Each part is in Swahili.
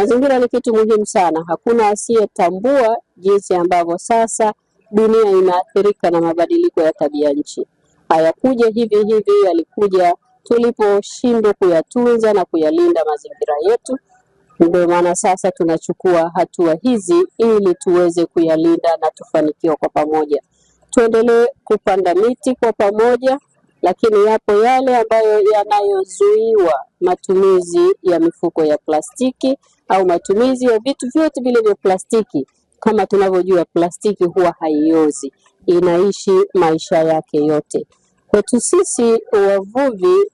Mazingira ni kitu muhimu sana. Hakuna asiyetambua jinsi ambavyo sasa dunia inaathirika na mabadiliko ya tabia nchi. Hayakuja hivi hivi, yalikuja tuliposhindwa kuyatunza na kuyalinda mazingira yetu. Ndio maana sasa tunachukua hatua hizi ili tuweze kuyalinda na tufanikiwe kwa pamoja. Tuendelee kupanda miti kwa pamoja, lakini yapo yale ambayo yanayozuiwa matumizi ya mifuko ya plastiki au matumizi ya vitu vyote vile vya plastiki. Kama tunavyojua, plastiki huwa haiozi, inaishi maisha yake yote. Kwetu sisi wavuvi,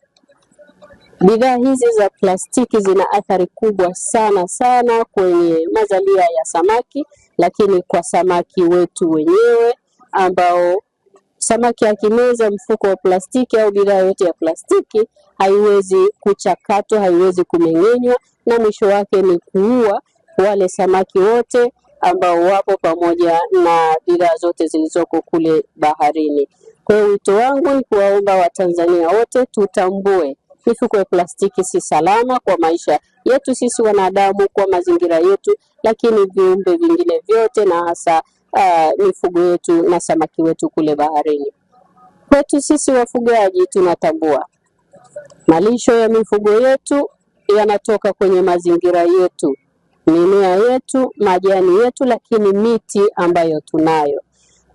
bidhaa hizi za plastiki zina athari kubwa sana sana kwenye mazalia ya samaki, lakini kwa samaki wetu wenyewe ambao Samaki akimeza mfuko wa plastiki au bidhaa yote ya plastiki, haiwezi kuchakatwa, haiwezi kumeng'enywa, na mwisho wake ni kuua wale samaki wote ambao wapo pamoja na bidhaa zote zilizoko kule baharini. Kwa hiyo wito wangu ni kuwaomba Watanzania wote tutambue mifuko ya plastiki si salama kwa maisha yetu sisi wanadamu, kwa mazingira yetu, lakini viumbe vingine vyote na hasa uh, mifugo yetu na samaki wetu kule baharini. Kwetu sisi wafugaji tunatambua malisho ya mifugo yetu yanatoka kwenye mazingira yetu, mimea yetu, majani yetu, lakini miti ambayo tunayo.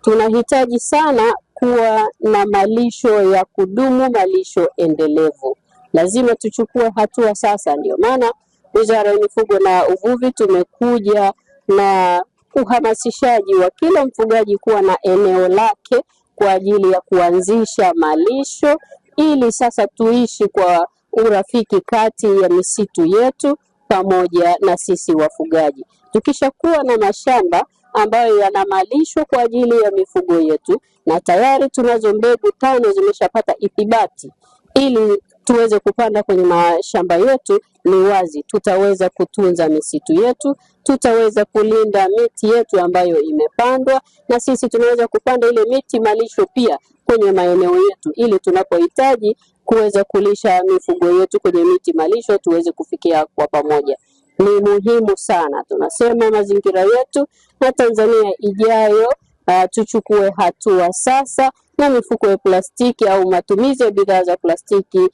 Tunahitaji sana kuwa na malisho ya kudumu, malisho endelevu. Lazima tuchukue hatua sasa. Ndio maana Wizara ya Mifugo na Uvuvi tumekuja na uhamasishaji wa kila mfugaji kuwa na eneo lake kwa ajili ya kuanzisha malisho, ili sasa tuishi kwa urafiki kati ya misitu yetu pamoja na sisi wafugaji. Tukishakuwa na mashamba ambayo yana malisho kwa ajili ya mifugo yetu, na tayari tunazo mbegu tano zimeshapata ithibati, ili tuweze kupanda kwenye mashamba yetu, ni wazi tutaweza kutunza misitu yetu, tutaweza kulinda miti yetu ambayo imepandwa, na sisi tunaweza kupanda ile miti malisho pia kwenye maeneo yetu, ili tunapohitaji kuweza kulisha mifugo yetu kwenye miti malisho tuweze kufikia kwa pamoja. Ni muhimu sana, tunasema mazingira yetu na Tanzania ijayo. Uh, tuchukue hatua sasa na mifuko ya plastiki au matumizi ya bidhaa za plastiki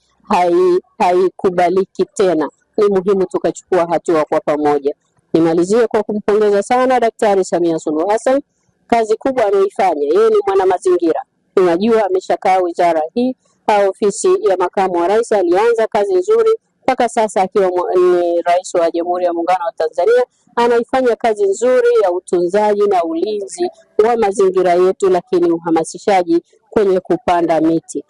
haikubaliki hai tena. Ni muhimu tukachukua hatua kwa pamoja. Nimalizie kwa kumpongeza sana Daktari Samia Suluhu Hassan, kazi kubwa anayoifanya. Yeye ni mwana mazingira, tunajua ameshakaa wizara hii au ofisi ya makamu wa rais, alianza kazi nzuri mpaka sasa akiwa ni rais wa Jamhuri ya Muungano wa Tanzania anaifanya kazi nzuri ya utunzaji na ulinzi wa mazingira yetu, lakini uhamasishaji kwenye kupanda miti.